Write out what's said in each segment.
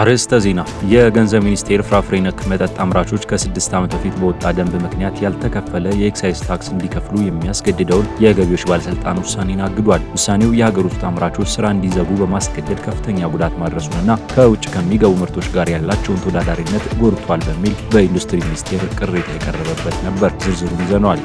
አርዕስተ ዜና። የገንዘብ ሚኒስቴር ፍራፍሬ ነክ መጠጥ አምራቾች ከስድስት ዓመት በፊት በወጣ ደንብ ምክንያት ያልተከፈለ የኤክሳይዝ ታክስ እንዲከፍሉ የሚያስገድደውን የገቢዎች ባለሥልጣን ውሳኔን አግዷል። ውሳኔው የሀገር ውስጥ አምራቾች ስራ እንዲዘጉ በማስገደድ ከፍተኛ ጉዳት ማድረሱንና ከውጭ ከሚገቡ ምርቶች ጋር ያላቸውን ተወዳዳሪነት ጎድቷል በሚል በኢንዱስትሪ ሚኒስቴር ቅሬታ የቀረበበት ነበር። ዝርዝሩን ይዘነዋል።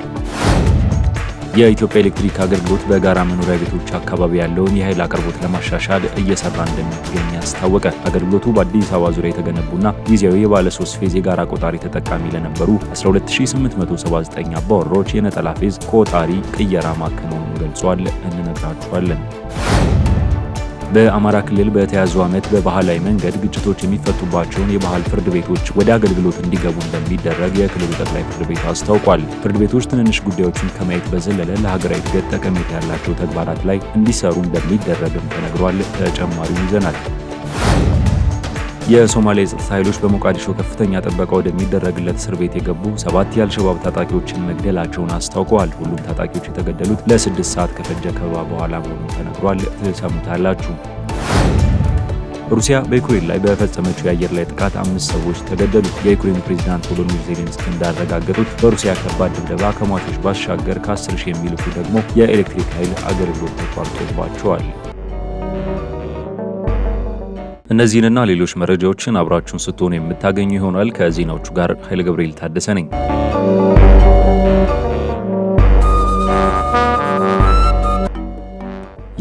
የኢትዮጵያ ኤሌክትሪክ አገልግሎት በጋራ መኖሪያ ቤቶች አካባቢ ያለውን የኃይል አቅርቦት ለማሻሻል እየሰራ እንደሚገኝ አስታወቀ። አገልግሎቱ በአዲስ አበባ ዙሪያ የተገነቡና ጊዜያዊ የባለ ሶስት ፌዝ የጋራ ቆጣሪ ተጠቃሚ ለነበሩ 12879 አባወራዎች የነጠላ ፌዝ ቆጣሪ ቅየራ ማከናወኑ ገልጿል። እንነግራችኋለን። በአማራ ክልል በተያዙ ዓመት በባህላዊ መንገድ ግጭቶች የሚፈቱባቸውን የባህል ፍርድ ቤቶች ወደ አገልግሎት እንዲገቡ እንደሚደረግ የክልሉ ጠቅላይ ፍርድ ቤት አስታውቋል። ፍርድ ቤቶች ትንንሽ ጉዳዮችን ከማየት በዘለለ ለሀገራዊ እድገት ጠቀሜታ ያላቸው ተግባራት ላይ እንዲሰሩ እንደሚደረግም ተነግሯል። ተጨማሪውን ይዘናል። የሶማሌ የጸጥታ ኃይሎች በሞቃዲሾ ከፍተኛ ጥበቃ ወደሚደረግለት እስር ቤት የገቡ ሰባት የአልሸባብ ታጣቂዎችን መግደላቸውን አስታውቀዋል። ሁሉም ታጣቂዎች የተገደሉት ለስድስት ሰዓት ከፈጀ ከበባ በኋላ መሆኑን ተነግሯል። ትሰሙታላችሁ። ሩሲያ በዩክሬን ላይ በፈጸመችው የአየር ላይ ጥቃት አምስት ሰዎች ተገደሉ። የዩክሬን ፕሬዚዳንት ቮሎዲሚር ዜሌንስኪ እንዳረጋገጡት በሩሲያ ከባድ ድብደባ ከሟቾች ባሻገር ከ10 ሺህ የሚልኩ ደግሞ የኤሌክትሪክ ኃይል አገልግሎት ተቋርጦባቸዋል። እነዚህንና ሌሎች መረጃዎችን አብራችሁን ስትሆኑ የምታገኙ ይሆናል። ከዜናዎቹ ጋር ኃይለ ገብርኤል ታደሰ ነኝ።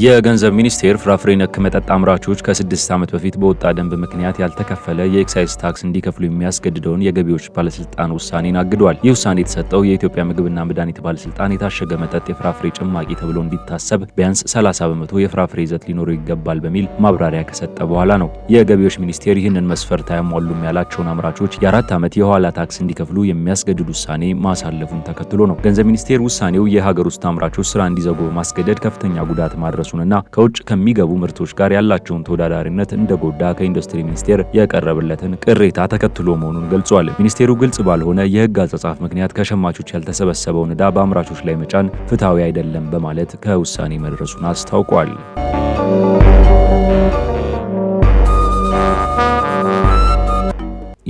የገንዘብ ሚኒስቴር ፍራፍሬ ነክ መጠጥ አምራቾች ከስድስት ዓመት በፊት በወጣ ደንብ ምክንያት ያልተከፈለ የኤክሳይዝ ታክስ እንዲከፍሉ የሚያስገድደውን የገቢዎች ባለስልጣን ውሳኔን አግዷል። ይህ ውሳኔ የተሰጠው የኢትዮጵያ ምግብና መድኃኒት ባለስልጣን የታሸገ መጠጥ የፍራፍሬ ጭማቂ ተብሎ እንዲታሰብ ቢያንስ 30 በመቶ የፍራፍሬ ይዘት ሊኖረው ይገባል በሚል ማብራሪያ ከሰጠ በኋላ ነው። የገቢዎች ሚኒስቴር ይህንን መስፈርት አያሟሉም ያላቸውን አምራቾች የአራት ዓመት የኋላ ታክስ እንዲከፍሉ የሚያስገድድ ውሳኔ ማሳለፉን ተከትሎ ነው። ገንዘብ ሚኒስቴር ውሳኔው የሀገር ውስጥ አምራቾች ስራ እንዲዘጉ በማስገደድ ከፍተኛ ጉዳት ማድረሱ መቀነሱንና ከውጭ ከሚገቡ ምርቶች ጋር ያላቸውን ተወዳዳሪነት እንደጎዳ ከኢንዱስትሪ ሚኒስቴር የቀረበለትን ቅሬታ ተከትሎ መሆኑን ገልጿል። ሚኒስቴሩ ግልጽ ባልሆነ የህግ አጻጻፍ ምክንያት ከሸማቾች ያልተሰበሰበውን ዕዳ በአምራቾች ላይ መጫን ፍትሐዊ አይደለም በማለት ከውሳኔ መድረሱን አስታውቋል።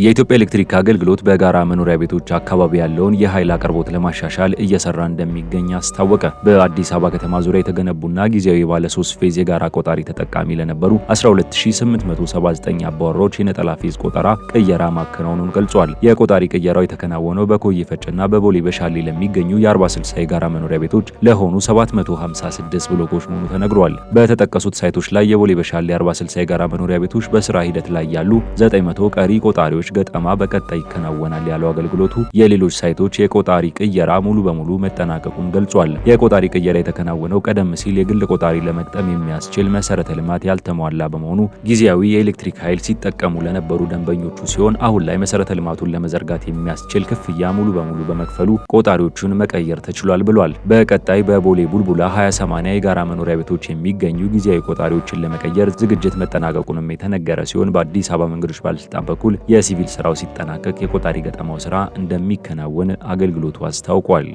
የኢትዮጵያ ኤሌክትሪክ አገልግሎት በጋራ መኖሪያ ቤቶች አካባቢ ያለውን የኃይል አቅርቦት ለማሻሻል እየሰራ እንደሚገኝ አስታወቀ። በአዲስ አበባ ከተማ ዙሪያ የተገነቡና ጊዜያዊ ባለ ሶስት ፌዝ የጋራ ቆጣሪ ተጠቃሚ ለነበሩ 12879 አባወራዎች የነጠላ ፌዝ ቆጠራ ቅየራ ማከናወኑን ገልጿል። የቆጣሪ ቅየራው የተከናወነው በኮዬ ፈጬና በቦሌ በሻሌ ለሚገኙ የ 46 60 የጋራ መኖሪያ ቤቶች ለሆኑ 756 ብሎኮች መሆኑ ተነግሯል። በተጠቀሱት ሳይቶች ላይ የቦሌ በሻሌ 46 60 የጋራ መኖሪያ ቤቶች በስራ ሂደት ላይ ያሉ 900 ቀሪ ቆጣሪዎች ሳይቶች ገጠማ በቀጣይ ይከናወናል ያለው አገልግሎቱ የሌሎች ሳይቶች የቆጣሪ ቅየራ ሙሉ በሙሉ መጠናቀቁን ገልጿል። የቆጣሪ ቅየራ የተከናወነው ቀደም ሲል የግል ቆጣሪ ለመግጠም የሚያስችል መሰረተ ልማት ያልተሟላ በመሆኑ ጊዜያዊ የኤሌክትሪክ ኃይል ሲጠቀሙ ለነበሩ ደንበኞቹ ሲሆን አሁን ላይ መሰረተ ልማቱን ለመዘርጋት የሚያስችል ክፍያ ሙሉ በሙሉ በመክፈሉ ቆጣሪዎቹን መቀየር ተችሏል ብሏል። በቀጣይ በቦሌ ቡልቡላ 28 የጋራ መኖሪያ ቤቶች የሚገኙ ጊዜያዊ ቆጣሪዎችን ለመቀየር ዝግጅት መጠናቀቁንም የተነገረ ሲሆን በአዲስ አበባ መንገዶች ባለስልጣን በኩል የሲ የሲቪል ስራው ሲጠናቀቅ የቆጣሪ ገጠማው ስራ እንደሚከናወን አገልግሎቱ አስታውቋል።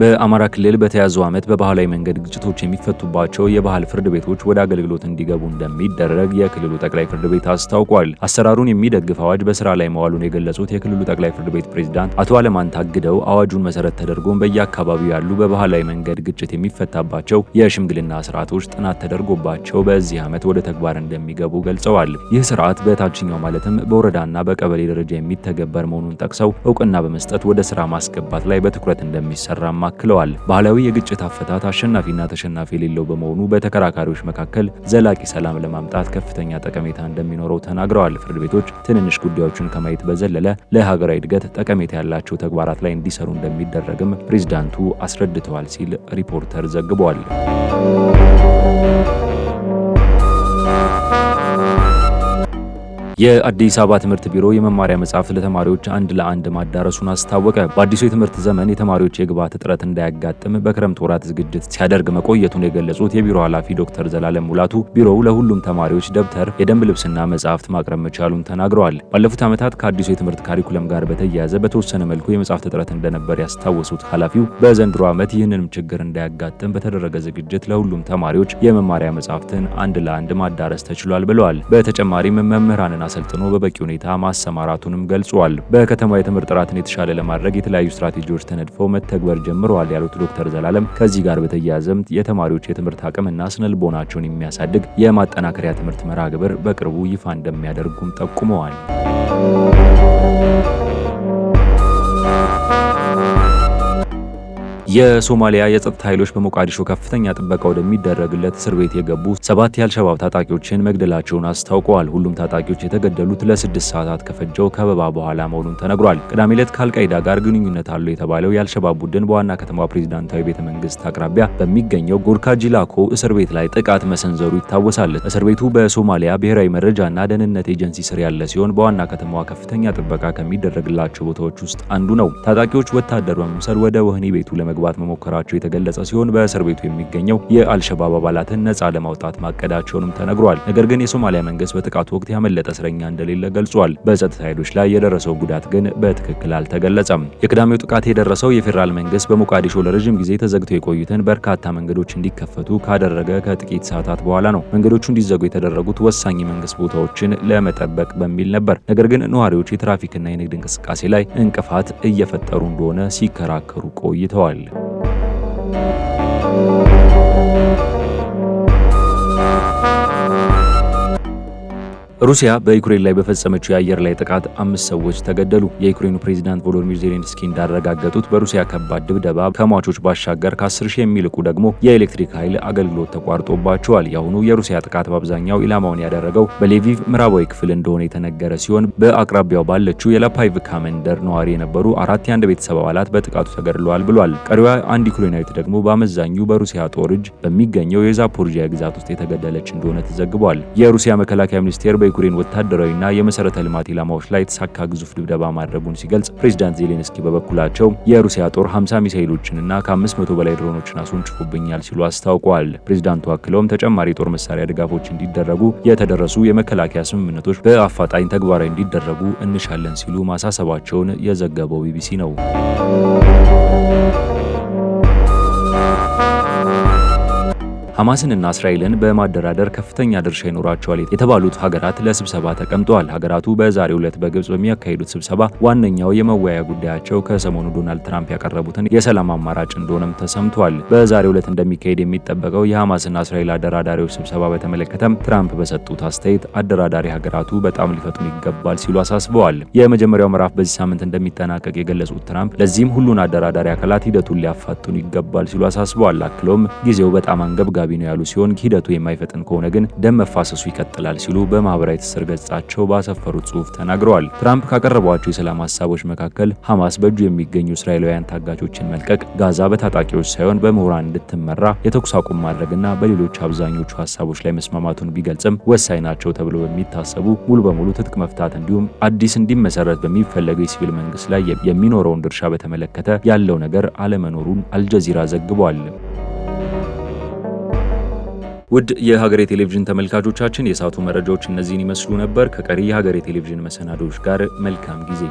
በአማራ ክልል በተያዘው ዓመት በባህላዊ መንገድ ግጭቶች የሚፈቱባቸው የባህል ፍርድ ቤቶች ወደ አገልግሎት እንዲገቡ እንደሚደረግ የክልሉ ጠቅላይ ፍርድ ቤት አስታውቋል። አሰራሩን የሚደግፍ አዋጅ በስራ ላይ መዋሉን የገለጹት የክልሉ ጠቅላይ ፍርድ ቤት ፕሬዝዳንት አቶ አለማን ታግደው አዋጁን መሰረት ተደርጎም በየአካባቢው ያሉ በባህላዊ መንገድ ግጭት የሚፈታባቸው የሽምግልና ስርዓቶች ጥናት ተደርጎባቸው በዚህ ዓመት ወደ ተግባር እንደሚገቡ ገልጸዋል። ይህ ስርዓት በታችኛው ማለትም በወረዳና በቀበሌ ደረጃ የሚተገበር መሆኑን ጠቅሰው እውቅና በመስጠት ወደ ስራ ማስገባት ላይ በትኩረት እንደሚሰራ አክለዋል። ባህላዊ የግጭት አፈታት አሸናፊና ተሸናፊ የሌለው በመሆኑ በተከራካሪዎች መካከል ዘላቂ ሰላም ለማምጣት ከፍተኛ ጠቀሜታ እንደሚኖረው ተናግረዋል። ፍርድ ቤቶች ትንንሽ ጉዳዮችን ከማየት በዘለለ ለሀገራዊ እድገት ጠቀሜታ ያላቸው ተግባራት ላይ እንዲሰሩ እንደሚደረግም ፕሬዝዳንቱ አስረድተዋል ሲል ሪፖርተር ዘግቧል። የአዲስ አበባ ትምህርት ቢሮ የመማሪያ መጽሐፍት ለተማሪዎች አንድ ለአንድ ማዳረሱን አስታወቀ። በአዲሱ የትምህርት ዘመን የተማሪዎች የግብዓት እጥረት እንዳያጋጥም በክረምት ወራት ዝግጅት ሲያደርግ መቆየቱን የገለጹት የቢሮ ኃላፊ ዶክተር ዘላለም ሙላቱ ቢሮው ለሁሉም ተማሪዎች ደብተር፣ የደንብ ልብስና መጽሐፍት ማቅረብ መቻሉን ተናግረዋል። ባለፉት ዓመታት ከአዲሱ የትምህርት ካሪኩለም ጋር በተያያዘ በተወሰነ መልኩ የመጽሐፍት እጥረት እንደነበር ያስታወሱት ኃላፊው በዘንድሮ ዓመት ይህንንም ችግር እንዳያጋጥም በተደረገ ዝግጅት ለሁሉም ተማሪዎች የመማሪያ መጽሐፍትን አንድ ለአንድ ማዳረስ ተችሏል ብለዋል። በተጨማሪም መምህራንን ምሁራን አሰልጥኖ በበቂ ሁኔታ ማሰማራቱንም ገልጿል። በከተማ የትምህርት ጥራትን የተሻለ ለማድረግ የተለያዩ ስትራቴጂዎች ተነድፈው መተግበር ጀምረዋል ያሉት ዶክተር ዘላለም ከዚህ ጋር በተያያዘም የተማሪዎች የትምህርት አቅምና ስነልቦናቸውን የሚያሳድግ የማጠናከሪያ ትምህርት መርሃ ግብር በቅርቡ ይፋ እንደሚያደርጉም ጠቁመዋል። የሶማሊያ የጸጥታ ኃይሎች በሞቃዲሾ ከፍተኛ ጥበቃ ወደሚደረግለት እስር ቤት የገቡ ሰባት የአልሸባብ ታጣቂዎችን መግደላቸውን አስታውቀዋል። ሁሉም ታጣቂዎች የተገደሉት ለስድስት ሰዓታት ከፈጀው ከበባ በኋላ መሆኑን ተነግሯል። ቅዳሜ ዕለት ከአልቃይዳ ጋር ግንኙነት አለው የተባለው የአልሸባብ ቡድን በዋና ከተማ ፕሬዚዳንታዊ ቤተ መንግስት አቅራቢያ በሚገኘው ጎርካ ጂላኮ እስር ቤት ላይ ጥቃት መሰንዘሩ ይታወሳል። እስር ቤቱ በሶማሊያ ብሔራዊ መረጃና ደህንነት ኤጀንሲ ስር ያለ ሲሆን በዋና ከተማዋ ከፍተኛ ጥበቃ ከሚደረግላቸው ቦታዎች ውስጥ አንዱ ነው። ታጣቂዎች ወታደር በመምሰል ወደ ወህኒ ቤቱ ለመ ለመግባት መሞከራቸው የተገለጸ ሲሆን በእስር ቤቱ የሚገኘው የአልሸባብ አባላትን ነጻ ለማውጣት ማቀዳቸውንም ተነግሯል። ነገር ግን የሶማሊያ መንግስት በጥቃቱ ወቅት ያመለጠ እስረኛ እንደሌለ ገልጿል። በጸጥታ ኃይሎች ላይ የደረሰው ጉዳት ግን በትክክል አልተገለጸም። የቅዳሜው ጥቃት የደረሰው የፌዴራል መንግስት በሞቃዲሾ ለረዥም ጊዜ ተዘግተው የቆዩትን በርካታ መንገዶች እንዲከፈቱ ካደረገ ከጥቂት ሰዓታት በኋላ ነው። መንገዶቹ እንዲዘጉ የተደረጉት ወሳኝ የመንግስት ቦታዎችን ለመጠበቅ በሚል ነበር። ነገር ግን ነዋሪዎች የትራፊክና የንግድ እንቅስቃሴ ላይ እንቅፋት እየፈጠሩ እንደሆነ ሲከራከሩ ቆይተዋል። ¡Gracias! ሩሲያ በዩክሬን ላይ በፈጸመችው የአየር ላይ ጥቃት አምስት ሰዎች ተገደሉ። የዩክሬኑ ፕሬዚዳንት ቮሎዲሚር ዜሌንስኪ እንዳረጋገጡት በሩሲያ ከባድ ድብደባ ከሟቾች ባሻገር ከ10 ሺህ የሚልቁ ደግሞ የኤሌክትሪክ ኃይል አገልግሎት ተቋርጦባቸዋል። የአሁኑ የሩሲያ ጥቃት በአብዛኛው ኢላማውን ያደረገው በሌቪቭ ምዕራባዊ ክፍል እንደሆነ የተነገረ ሲሆን በአቅራቢያው ባለችው የላፓይቭካ መንደር ነዋሪ የነበሩ አራት የአንድ ቤተሰብ አባላት በጥቃቱ ተገድለዋል ብሏል። ቀሪዋ አንድ ዩክሬናዊት ደግሞ በአመዛኙ በሩሲያ ጦር እጅ በሚገኘው የዛፖርጂያ ግዛት ውስጥ የተገደለች እንደሆነ ተዘግቧል። የሩሲያ መከላከያ ሚኒስቴር በዩክሬን ወታደራዊና የመሰረተ ልማት ኢላማዎች ላይ የተሳካ ግዙፍ ድብደባ ማድረጉን ሲገልጽ፣ ፕሬዚዳንት ዜሌንስኪ በበኩላቸው የሩሲያ ጦር 50 ሚሳይሎችንና ከ500 በላይ ድሮኖችን አስወንጭፎብኛል ሲሉ አስታውቀዋል። ፕሬዚዳንቱ አክለውም ተጨማሪ የጦር መሳሪያ ድጋፎች እንዲደረጉ የተደረሱ የመከላከያ ስምምነቶች በአፋጣኝ ተግባራዊ እንዲደረጉ እንሻለን ሲሉ ማሳሰባቸውን የዘገበው ቢቢሲ ነው። ሐማስንና እስራኤልን በማደራደር ከፍተኛ ድርሻ ይኖራቸዋል የተባሉት ሀገራት ለስብሰባ ተቀምጠዋል። ሀገራቱ በዛሬው ዕለት በግብጽ በሚያካሂዱት ስብሰባ ዋነኛው የመወያያ ጉዳያቸው ከሰሞኑ ዶናልድ ትራምፕ ያቀረቡትን የሰላም አማራጭ እንደሆነም ተሰምቷል። በዛሬው ዕለት እንደሚካሄድ የሚጠበቀው የሐማስና እስራኤል አደራዳሪዎች ስብሰባ በተመለከተም ትራምፕ በሰጡት አስተያየት አደራዳሪ ሀገራቱ በጣም ሊፈጥኑ ይገባል ሲሉ አሳስበዋል። የመጀመሪያው ምዕራፍ በዚህ ሳምንት እንደሚጠናቀቅ የገለጹት ትራምፕ ለዚህም ሁሉን አደራዳሪ አካላት ሂደቱን ሊያፋጥኑ ይገባል ሲሉ አሳስበዋል። አክለውም ጊዜው በጣም አንገብጋቢ ነው ያሉ ሲሆን ሂደቱ የማይፈጥን ከሆነ ግን ደም መፋሰሱ ይቀጥላል ሲሉ በማህበራዊ ትስስር ገጻቸው ባሰፈሩት ጽሁፍ ተናግረዋል። ትራምፕ ካቀረቧቸው የሰላም ሀሳቦች መካከል ሐማስ በእጁ የሚገኙ እስራኤላውያን ታጋቾችን መልቀቅ፣ ጋዛ በታጣቂዎች ሳይሆን በምሁራን እንድትመራ የተኩስ አቁም ማድረግና በሌሎች አብዛኞቹ ሀሳቦች ላይ መስማማቱን ቢገልጽም ወሳኝ ናቸው ተብሎ በሚታሰቡ ሙሉ በሙሉ ትጥቅ መፍታት እንዲሁም አዲስ እንዲመሰረት በሚፈለገው የሲቪል መንግስት ላይ የሚኖረውን ድርሻ በተመለከተ ያለው ነገር አለመኖሩን አልጀዚራ ዘግቧል። ውድ የሀገሬ ቴሌቪዥን ተመልካቾቻችን የሳቱ መረጃዎች እነዚህን ይመስሉ ነበር። ከቀሪ የሀገሬ ቴሌቪዥን መሰናዶዎች ጋር መልካም ጊዜ